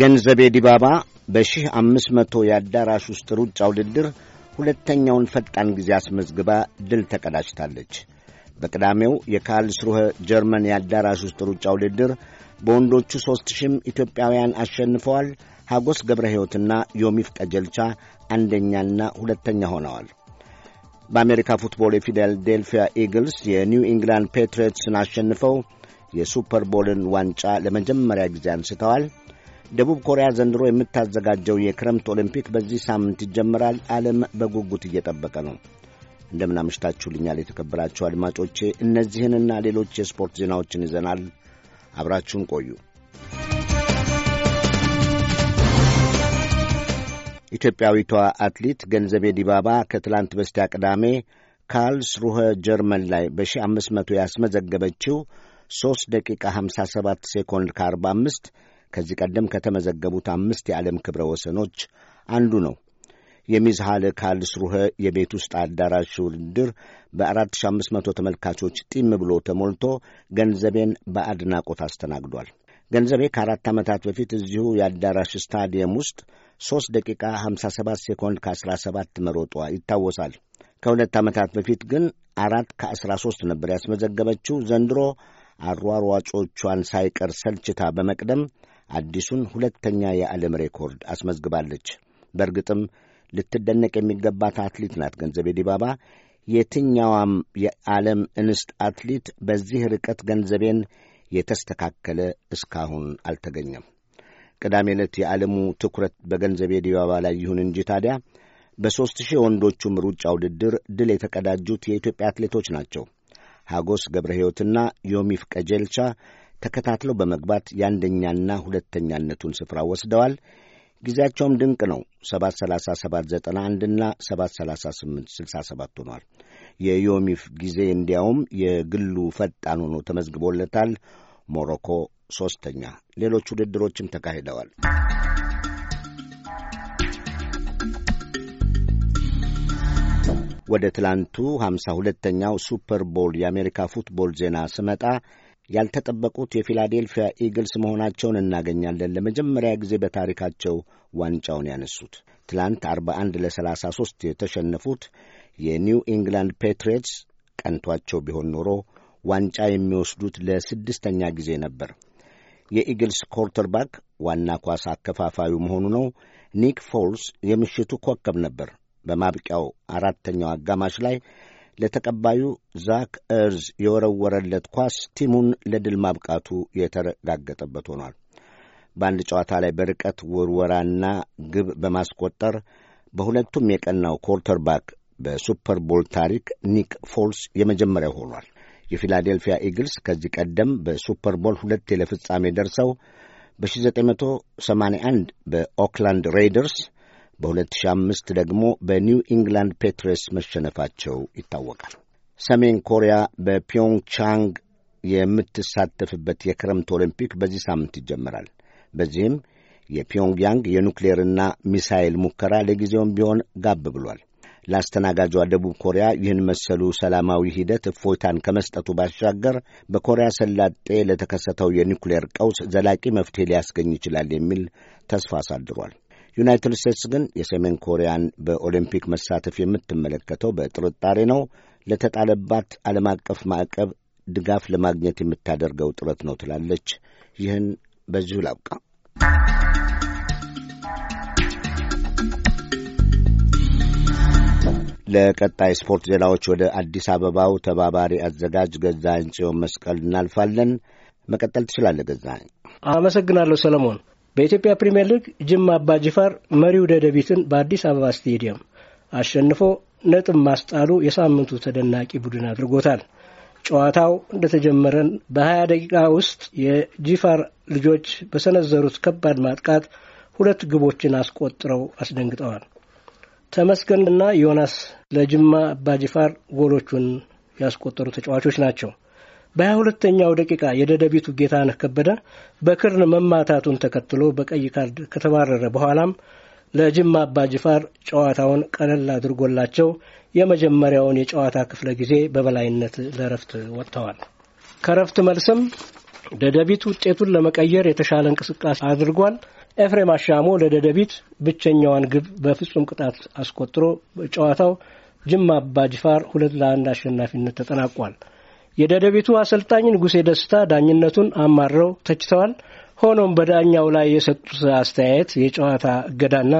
ገንዘቤ ዲባባ በሺህ አምስት መቶ የአዳራሽ ውስጥ ሩጫ ውድድር ሁለተኛውን ፈጣን ጊዜ አስመዝግባ ድል ተቀዳጅታለች። በቅዳሜው የካርልስሩኸ ጀርመን የአዳራሽ ውስጥ ሩጫ ውድድር በወንዶቹ ሦስት ሺህም ኢትዮጵያውያን አሸንፈዋል። ሐጎስ ገብረ ሕይወትና ዮሚፍ ቀጀልቻ አንደኛና ሁለተኛ ሆነዋል። በአሜሪካ ፉትቦል የፊላዴልፊያ ኢግልስ የኒው ኢንግላንድ ፔትሪዮትስን አሸንፈው የሱፐር ቦልን ዋንጫ ለመጀመሪያ ጊዜ አንስተዋል። ደቡብ ኮሪያ ዘንድሮ የምታዘጋጀው የክረምት ኦሊምፒክ በዚህ ሳምንት ይጀምራል። ዓለም በጉጉት እየጠበቀ ነው። እንደምናምሽታችሁልኛል የተከበራችሁ አድማጮቼ፣ እነዚህንና ሌሎች የስፖርት ዜናዎችን ይዘናል። አብራችሁን ቆዩ። ኢትዮጵያዊቷ አትሌት ገንዘቤ ዲባባ ከትላንት በስቲያ ቅዳሜ ካርልስ ሩኸ ጀርመን ላይ በ1500 ያስመዘገበችው 3 ደቂቃ 57 ሴኮንድ ከ45 ከዚህ ቀደም ከተመዘገቡት አምስት የዓለም ክብረ ወሰኖች አንዱ ነው። የሚዝሃል ካልስሩኸ የቤት ውስጥ አዳራሽ ውድድር በ4500 ተመልካቾች ጢም ብሎ ተሞልቶ ገንዘቤን በአድናቆት አስተናግዷል። ገንዘቤ ከአራት ዓመታት በፊት እዚሁ የአዳራሽ ስታዲየም ውስጥ 3 ደቂቃ 57 ሴኮንድ ከ17 መሮጧ ይታወሳል። ከሁለት ዓመታት በፊት ግን አራት ከ13 ነበር ያስመዘገበችው። ዘንድሮ አሯሯጮቿን ሳይቀር ሰልችታ በመቅደም አዲሱን ሁለተኛ የዓለም ሬኮርድ አስመዝግባለች። በእርግጥም ልትደነቅ የሚገባት አትሌት ናት። ገንዘቤ ዲባባ የትኛዋም የዓለም እንስት አትሌት በዚህ ርቀት ገንዘቤን የተስተካከለ እስካሁን አልተገኘም። ቅዳሜ ዕለት የዓለሙ ትኩረት በገንዘቤ ዲባባ ላይ ይሁን እንጂ ታዲያ በሦስት ሺህ ወንዶቹም ሩጫ ውድድር ድል የተቀዳጁት የኢትዮጵያ አትሌቶች ናቸው። ሐጎስ ገብረ ሕይወትና ዮሚፍ ቀጀልቻ ተከታትለው በመግባት የአንደኛና ሁለተኛነቱን ስፍራ ወስደዋል። ጊዜያቸውም ድንቅ ነው። 73791 ና 73867 ሆኗል። የዮሚፍ ጊዜ እንዲያውም የግሉ ፈጣን ሆኖ ተመዝግቦለታል። ሞሮኮ ሦስተኛ። ሌሎች ውድድሮችም ተካሂደዋል። ወደ ትላንቱ ሃምሳ ሁለተኛው ሱፐር ቦል የአሜሪካ ፉትቦል ዜና ስመጣ ያልተጠበቁት የፊላዴልፊያ ኢግልስ መሆናቸውን እናገኛለን። ለመጀመሪያ ጊዜ በታሪካቸው ዋንጫውን ያነሱት ትላንት 41 ለ33 የተሸነፉት የኒው ኢንግላንድ ፔትሪዮትስ ቀንቷቸው ቢሆን ኖሮ ዋንጫ የሚወስዱት ለስድስተኛ ጊዜ ነበር። የኢግልስ ኮርተርባክ ዋና ኳስ አከፋፋዩ መሆኑ ነው። ኒክ ፎልስ የምሽቱ ኮከብ ነበር። በማብቂያው አራተኛው አጋማሽ ላይ ለተቀባዩ ዛክ እርዝ የወረወረለት ኳስ ቲሙን ለድል ማብቃቱ የተረጋገጠበት ሆኗል። በአንድ ጨዋታ ላይ በርቀት ውርወራና ግብ በማስቆጠር በሁለቱም የቀናው ኮርተርባክ በሱፐር ቦል ታሪክ ኒክ ፎልስ የመጀመሪያው ሆኗል። የፊላዴልፊያ ኢግልስ ከዚህ ቀደም በሱፐር ቦል ሁለቴ ለፍጻሜ ደርሰው በ1981 በኦክላንድ ሬይደርስ በ2005 ደግሞ በኒው ኢንግላንድ ፔትሬስ መሸነፋቸው ይታወቃል። ሰሜን ኮሪያ በፒዮንግቻንግ የምትሳተፍበት የክረምት ኦሎምፒክ በዚህ ሳምንት ይጀመራል። በዚህም የፒዮንግያንግ የኑክሌርና ሚሳይል ሙከራ ለጊዜውም ቢሆን ጋብ ብሏል። ለአስተናጋጇ ደቡብ ኮሪያ ይህን መሰሉ ሰላማዊ ሂደት እፎይታን ከመስጠቱ ባሻገር በኮሪያ ሰላጤ ለተከሰተው የኒውክሌር ቀውስ ዘላቂ መፍትሄ ሊያስገኝ ይችላል የሚል ተስፋ አሳድሯል። ዩናይትድ ስቴትስ ግን የሰሜን ኮሪያን በኦሊምፒክ መሳተፍ የምትመለከተው በጥርጣሬ ነው፣ ለተጣለባት ዓለም አቀፍ ማዕቀብ ድጋፍ ለማግኘት የምታደርገው ጥረት ነው ትላለች። ይህን በዚሁ ላብቃ። ለቀጣይ ስፖርት ዜናዎች ወደ አዲስ አበባው ተባባሪ አዘጋጅ ገዛኸኝ ጽዮን መስቀል እናልፋለን። መቀጠል ትችላለህ ገዛኸኝ። አመሰግናለሁ ሰለሞን። በኢትዮጵያ ፕሪምየር ሊግ ጅማ ጅፋር መሪው ደደቢትን በአዲስ አበባ ስቴዲየም አሸንፎ ነጥብ ማስጣሉ የሳምንቱ ተደናቂ ቡድን አድርጎታል። ጨዋታው እንደተጀመረን በ20 ደቂቃ ውስጥ የጂፋር ልጆች በሰነዘሩት ከባድ ማጥቃት ሁለት ግቦችን አስቆጥረው አስደንግጠዋል። ተመስገንና ዮናስ ለጅማ አባጅፋር ጎሎቹን ያስቆጠሩ ተጫዋቾች ናቸው። በሀያ ሁለተኛው ደቂቃ የደደቢቱ ጌታነህ ከበደ በክርን መማታቱን ተከትሎ በቀይ ካርድ ከተባረረ በኋላም ለጅማ አባ ጅፋር ጨዋታውን ቀለል አድርጎላቸው የመጀመሪያውን የጨዋታ ክፍለ ጊዜ በበላይነት ለረፍት ወጥተዋል። ከረፍት መልስም ደደቢት ውጤቱን ለመቀየር የተሻለ እንቅስቃሴ አድርጓል። ኤፍሬም አሻሞ ለደደቢት ብቸኛዋን ግብ በፍጹም ቅጣት አስቆጥሮ ጨዋታው ጅማ አባ ጅፋር ሁለት ለአንድ አሸናፊነት ተጠናቋል። የደደቢቱ አሰልጣኝ ንጉሴ ደስታ ዳኝነቱን አማረው ተችተዋል። ሆኖም በዳኛው ላይ የሰጡት አስተያየት የጨዋታ እገዳና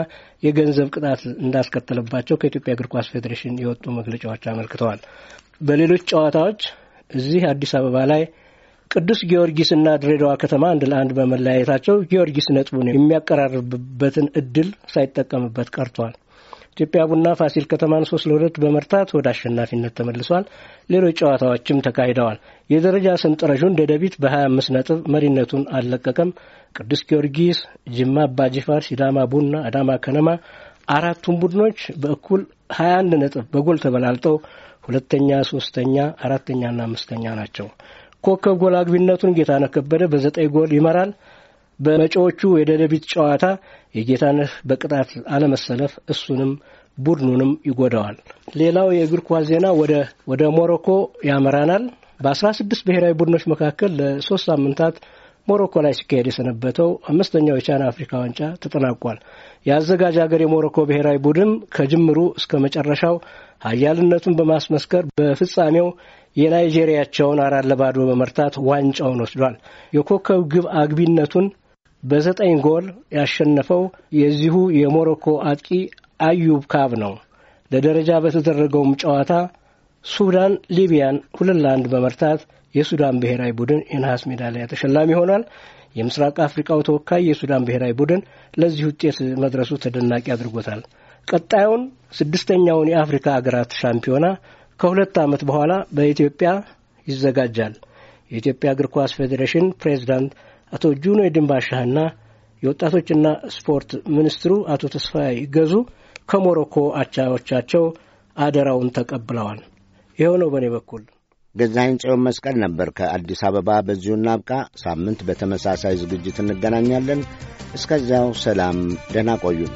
የገንዘብ ቅጣት እንዳስከተለባቸው ከኢትዮጵያ እግር ኳስ ፌዴሬሽን የወጡ መግለጫዎች አመልክተዋል። በሌሎች ጨዋታዎች እዚህ አዲስ አበባ ላይ ቅዱስ ጊዮርጊስና ድሬዳዋ ከተማ አንድ ለአንድ በመለያየታቸው ጊዮርጊስ ነጥቡን የሚያቀራርብበትን እድል ሳይጠቀምበት ቀርቷል። ኢትዮጵያ ቡና ፋሲል ከተማን ሶስት ለሁለት በመርታት ወደ አሸናፊነት ተመልሷል። ሌሎች ጨዋታዎችም ተካሂደዋል። የደረጃ ሰንጠረዡን ደደቢት በ25 ነጥብ መሪነቱን አልለቀቀም። ቅዱስ ጊዮርጊስ፣ ጅማ አባጅፋር፣ ሲዳማ ቡና፣ አዳማ ከነማ አራቱም ቡድኖች በእኩል 21 ነጥብ በጎል ተበላልጠው ሁለተኛ፣ ሶስተኛ፣ አራተኛና አምስተኛ ናቸው። ኮከብ ጎል አግቢነቱን ጌታነህ ከበደ በዘጠኝ ጎል ይመራል። በመጪዎቹ የደደቢት ጨዋታ የጌታነህ በቅጣት አለመሰለፍ እሱንም ቡድኑንም ይጎዳዋል። ሌላው የእግር ኳስ ዜና ወደ ሞሮኮ ያመራናል። በአስራ ስድስት ብሔራዊ ቡድኖች መካከል ለሶስት ሳምንታት ሞሮኮ ላይ ሲካሄድ የሰነበተው አምስተኛው የቻን አፍሪካ ዋንጫ ተጠናቋል። የአዘጋጅ ሀገር የሞሮኮ ብሔራዊ ቡድን ከጅምሩ እስከ መጨረሻው ኃያልነቱን በማስመስከር በፍጻሜው የናይጄሪያቸውን አራት ለባዶ በመርታት ዋንጫውን ወስዷል። የኮከብ ግብ አግቢነቱን በዘጠኝ ጎል ያሸነፈው የዚሁ የሞሮኮ አጥቂ አዩብ ካብ ነው። ለደረጃ በተደረገውም ጨዋታ ሱዳን ሊቢያን ሁለት ለአንድ በመርታት የሱዳን ብሔራዊ ቡድን የነሐስ ሜዳሊያ ተሸላሚ ሆኗል። የምስራቅ አፍሪካው ተወካይ የሱዳን ብሔራዊ ቡድን ለዚህ ውጤት መድረሱ ተደናቂ አድርጎታል። ቀጣዩን ስድስተኛውን የአፍሪካ አገራት ሻምፒዮና ከሁለት ዓመት በኋላ በኢትዮጵያ ይዘጋጃል። የኢትዮጵያ እግር ኳስ ፌዴሬሽን ፕሬዚዳንት አቶ ጁኖ ድንባሻህና የወጣቶችና ስፖርት ሚኒስትሩ አቶ ተስፋይ ገዙ ከሞሮኮ አቻዎቻቸው አደራውን ተቀብለዋል። ይኸው ነው በእኔ በኩል። ገዛኸኝ ጽዮን መስቀል ነበር ከአዲስ አበባ። በዚሁ እናብቃ። ሳምንት በተመሳሳይ ዝግጅት እንገናኛለን። እስከዚያው ሰላም፣ ደህና ቆዩን።